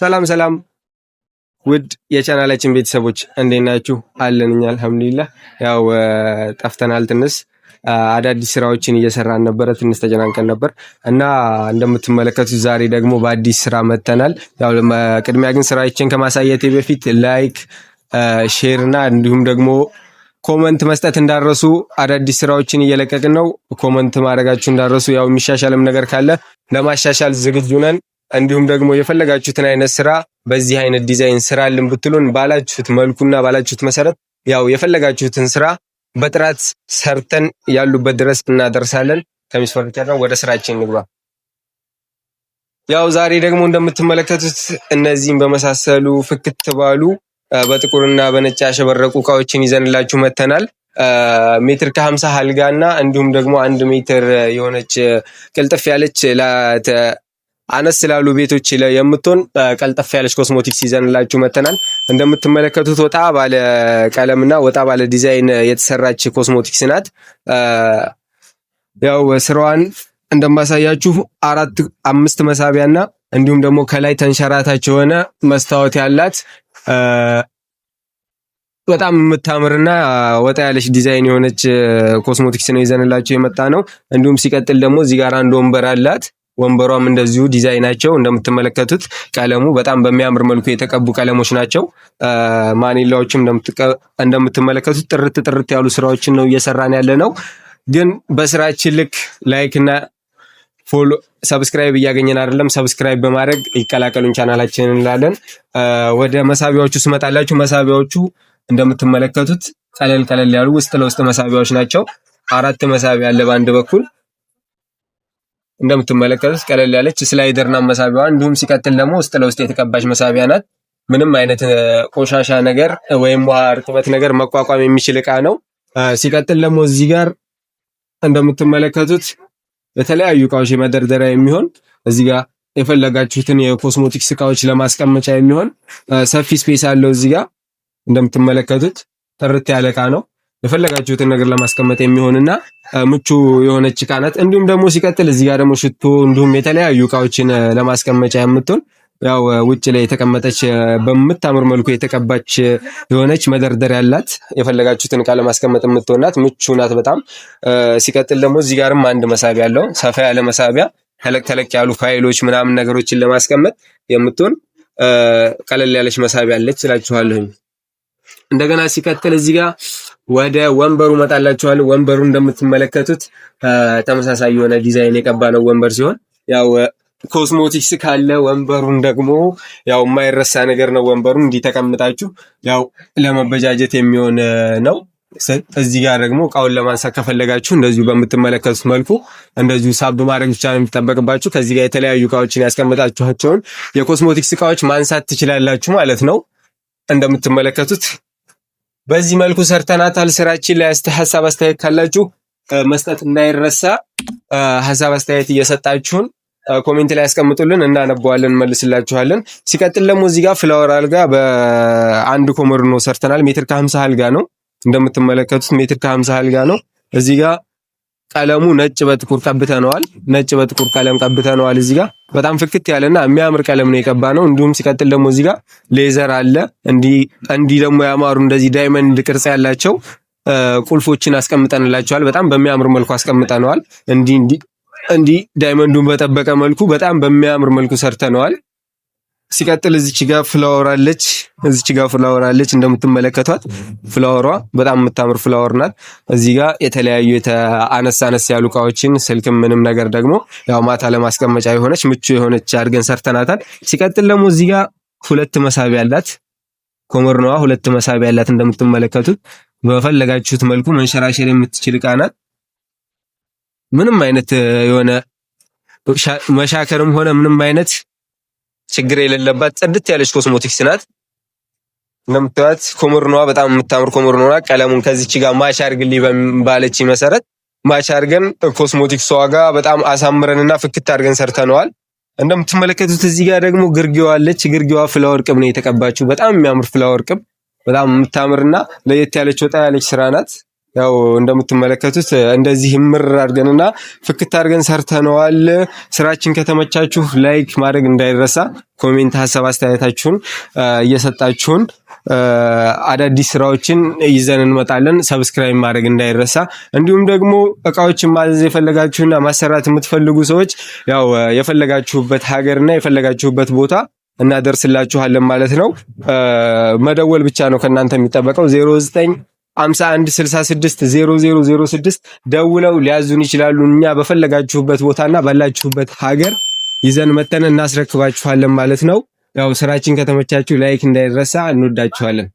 ሰላም ሰላም ውድ የቻናላችን ቤተሰቦች እንዴት ናችሁ? አለንኛ አልሐምዱሊላህ። ያው ጠፍተናል ትንሽ አዳዲስ ስራዎችን እየሰራን ነበረ። ትንሽ ተጨናንቀን ነበር እና እንደምትመለከቱት ዛሬ ደግሞ በአዲስ ስራ መጥተናል። ያው ቅድሚያ ግን ስራዎችን ከማሳየቴ በፊት ላይክ፣ ሼር እና እንዲሁም ደግሞ ኮመንት መስጠት እንዳረሱ። አዳዲስ ስራዎችን እየለቀቅን ነው። ኮመንት ማድረጋችሁ እንዳረሱ። ያው የሚሻሻልም ነገር ካለ ለማሻሻል ዝግጁ ነን። እንዲሁም ደግሞ የፈለጋችሁትን አይነት ስራ በዚህ አይነት ዲዛይን ስራልን ብትሉን ባላችሁት መልኩና ባላችሁት መሰረት ያው የፈለጋችሁትን ስራ በጥራት ሰርተን ያሉበት ድረስ እናደርሳለን። ከሚስ ፈርኒቸር ወደ ስራችን እንግባ። ያው ዛሬ ደግሞ እንደምትመለከቱት እነዚህን በመሳሰሉ ፍክት ባሉ በጥቁርና በነጭ ያሸበረቁ እቃዎችን ይዘንላችሁ መተናል። ሜትር ከሀምሳ አልጋና እንዲሁም ደግሞ አንድ ሜትር የሆነች ቅልጥፍ ያለች አነስ ስላሉ ቤቶች ላይ የምትሆን ቀልጠፍ ያለች ኮስሞቲክስ ይዘንላችሁ መተናል። እንደምትመለከቱት ወጣ ባለ ቀለምና ወጣ ባለ ዲዛይን የተሰራች ኮስሞቲክስ ናት። ያው ስራዋን እንደማሳያችሁ አራት አምስት መሳቢያና እንዲሁም ደግሞ ከላይ ተንሸራታች የሆነ መስታወት ያላት በጣም የምታምርና ወጣ ያለች ዲዛይን የሆነች ኮስሞቲክስ ነው ይዘንላቸው የመጣ ነው። እንዲሁም ሲቀጥል ደግሞ እዚህ ጋር አንድ ወንበር አላት። ወንበሯም እንደዚሁ ዲዛይናቸው እንደምትመለከቱት ቀለሙ በጣም በሚያምር መልኩ የተቀቡ ቀለሞች ናቸው። ማኔላዎችም እንደምትመለከቱት ጥርት ጥርት ያሉ ስራዎችን ነው እየሰራን ያለ ነው። ግን በስራችን ልክ ላይክ እና ፎሎ ሰብስክራይብ እያገኘን አይደለም። ሰብስክራይብ በማድረግ ይቀላቀሉን ቻናላችን እንላለን። ወደ መሳቢያዎቹ ስመጣላችሁ መሳቢያዎቹ እንደምትመለከቱት ቀለል ቀለል ያሉ ውስጥ ለውስጥ መሳቢያዎች ናቸው። አራት መሳቢያ አለ በአንድ በኩል እንደምትመለከቱት ቀለል ያለች ስላይደርና መሳቢያዋ እንዲሁም ሲቀጥል ደግሞ ውስጥ ለውስጥ የተቀባች መሳቢያ ናት። ምንም አይነት ቆሻሻ ነገር ወይም ውሃ እርጥበት ነገር መቋቋም የሚችል እቃ ነው። ሲቀጥል ደግሞ እዚህ ጋር እንደምትመለከቱት የተለያዩ እቃዎች የመደርደሪያ የሚሆን እዚህ ጋር የፈለጋችሁትን የኮስሞቲክስ እቃዎች ለማስቀመጫ የሚሆን ሰፊ ስፔስ አለው። እዚህ ጋር እንደምትመለከቱት ጥርት ያለ እቃ ነው። የፈለጋችሁትን ነገር ለማስቀመጥ የሚሆንና ምቹ የሆነች እቃ ናት። እንዲሁም ደግሞ ሲቀጥል እዚህ ጋር ደግሞ ሽቶ እንዲሁም የተለያዩ እቃዎችን ለማስቀመጫ የምትሆን ያው ውጭ ላይ የተቀመጠች በምታምር መልኩ የተቀባች የሆነች መደርደሪያ ያላት የፈለጋችሁትን እቃ ለማስቀመጥ የምትሆናት ምቹ ናት በጣም። ሲቀጥል ደግሞ እዚህ ጋርም አንድ መሳቢያ አለው። ሰፋ ያለ መሳቢያ ተለቅ ተለቅ ያሉ ፋይሎች ምናምን ነገሮችን ለማስቀመጥ የምትሆን ቀለል ያለች መሳቢያ አለች እላችኋለሁኝ። እንደገና ሲቀጥል እዚህ ጋር ወደ ወንበሩ መጣላችኋል። ወንበሩ እንደምትመለከቱት ተመሳሳይ የሆነ ዲዛይን የቀባ ነው ወንበር ሲሆን ያው ኮስሞቲክስ ካለ ወንበሩን ደግሞ ያው የማይረሳ ነገር ነው። ወንበሩን እንዲህ ተቀምጣችሁ ያው ለመበጃጀት የሚሆን ነው። እዚህ ጋር ደግሞ እቃውን ለማንሳት ከፈለጋችሁ እንደዚሁ በምትመለከቱት መልኩ እንደዚሁ ሳብ ማድረግ ብቻ ነው የሚጠበቅባችሁ። ከዚህ ጋር የተለያዩ እቃዎችን ያስቀምጣችኋቸውን የኮስሞቲክስ እቃዎች ማንሳት ትችላላችሁ ማለት ነው እንደምትመለከቱት በዚህ መልኩ ሰርተናታል ስራችን ላይ ሀሳብ አስተያየት ካላችሁ መስጠት እንዳይረሳ። ሀሳብ አስተያየት እየሰጣችሁን ኮሜንት ላይ ያስቀምጡልን፣ እናነበዋለን፣ መልስላችኋለን። ሲቀጥል ደግሞ እዚህ ጋር ፍላወር አልጋ በአንድ ኮመር ነው ሰርተናል። ሜትር ከሀምሳ አልጋ ነው እንደምትመለከቱት ሜትር ከሀምሳ አልጋ ነው እዚህ ጋር ቀለሙ ነጭ በጥቁር ቀብተነዋል። ነጭ በጥቁር ቀለም ቀብተነዋል። እዚህ ጋር በጣም ፍክት ያለና የሚያምር ቀለም ነው የቀባ ነው። እንዲሁም ሲቀጥል ደግሞ እዚህ ጋር ሌዘር አለ። እንዲህ እንዲህ ደግሞ ያማሩ እንደዚህ ዳይመንድ ቅርጽ ያላቸው ቁልፎችን አስቀምጠንላቸዋል። በጣም በሚያምር መልኩ አስቀምጠነዋል። እንዲህ እንዲህ ዳይመንዱን በጠበቀ መልኩ በጣም በሚያምር መልኩ ሰርተነዋል። ሲቀጥል እዚች ጋር ፍላወር አለች። እዚች ጋር ፍላወር አለች እንደምትመለከቷት ፍላወሯ በጣም የምታምር ፍላወር ናት። እዚህ ጋር የተለያዩ የተአነስ አነስ ያሉ እቃዎችን ስልክም፣ ምንም ነገር ደግሞ ያው ማታ ለማስቀመጫ የሆነች ምቹ የሆነች አድርገን ሰርተናታል። ሲቀጥል ደግሞ እዚ ጋር ሁለት መሳቢያ አላት። ነዋ ሁለት መሳቢያ አላት እንደምትመለከቱት በፈለጋችሁት መልኩ መንሸራሸር የምትችል እቃ ናት። ምንም አይነት የሆነ መሻከርም ሆነ ምንም አይነት ችግር የሌለባት ጽድት ያለች ኮስሞቲክስ ናት። እንደምታዩት ነዋ፣ በጣም የምታምር ነዋ። ቀለሙን ከዚች ጋር ማች አርግልኝ ባለች መሰረት ማች አርገን ኮስሞቲክሷ ጋር በጣም አሳምረንና ፍክት አድርገን ሰርተነዋል። እንደምትመለከቱት እዚህ ጋር ደግሞ ግርጌዋ አለች። ግርጌዋ ፍላወር ቅብ ነው የተቀባችው። በጣም የሚያምር ፍላወር ቅብ፣ በጣም የምታምርና ለየት ያለች ወጣ ያለች ስራ ናት። ያው እንደምትመለከቱት እንደዚህ ምር አድርገንና ፍክት አድርገን ሰርተነዋል። ስራችን ከተመቻችሁ ላይክ ማድረግ እንዳይረሳ፣ ኮሜንት፣ ሀሳብ አስተያየታችሁን እየሰጣችሁን አዳዲስ ስራዎችን ይዘን እንመጣለን። ሰብስክራይብ ማድረግ እንዳይረሳ። እንዲሁም ደግሞ እቃዎችን ማዘዝ የፈለጋችሁና ማሰራት የምትፈልጉ ሰዎች ያው የፈለጋችሁበት ሀገርና የፈለጋችሁበት ቦታ እናደርስላችኋለን ማለት ነው። መደወል ብቻ ነው ከእናንተ የሚጠበቀው 09 51660006 ደውለው ሊያዙን ይችላሉ። እኛ በፈለጋችሁበት ቦታና ባላችሁበት ሀገር ይዘን መተን እናስረክባችኋለን ማለት ነው። ያው ስራችን ከተመቻችሁ ላይክ እንዳይረሳ። እንወዳችኋለን።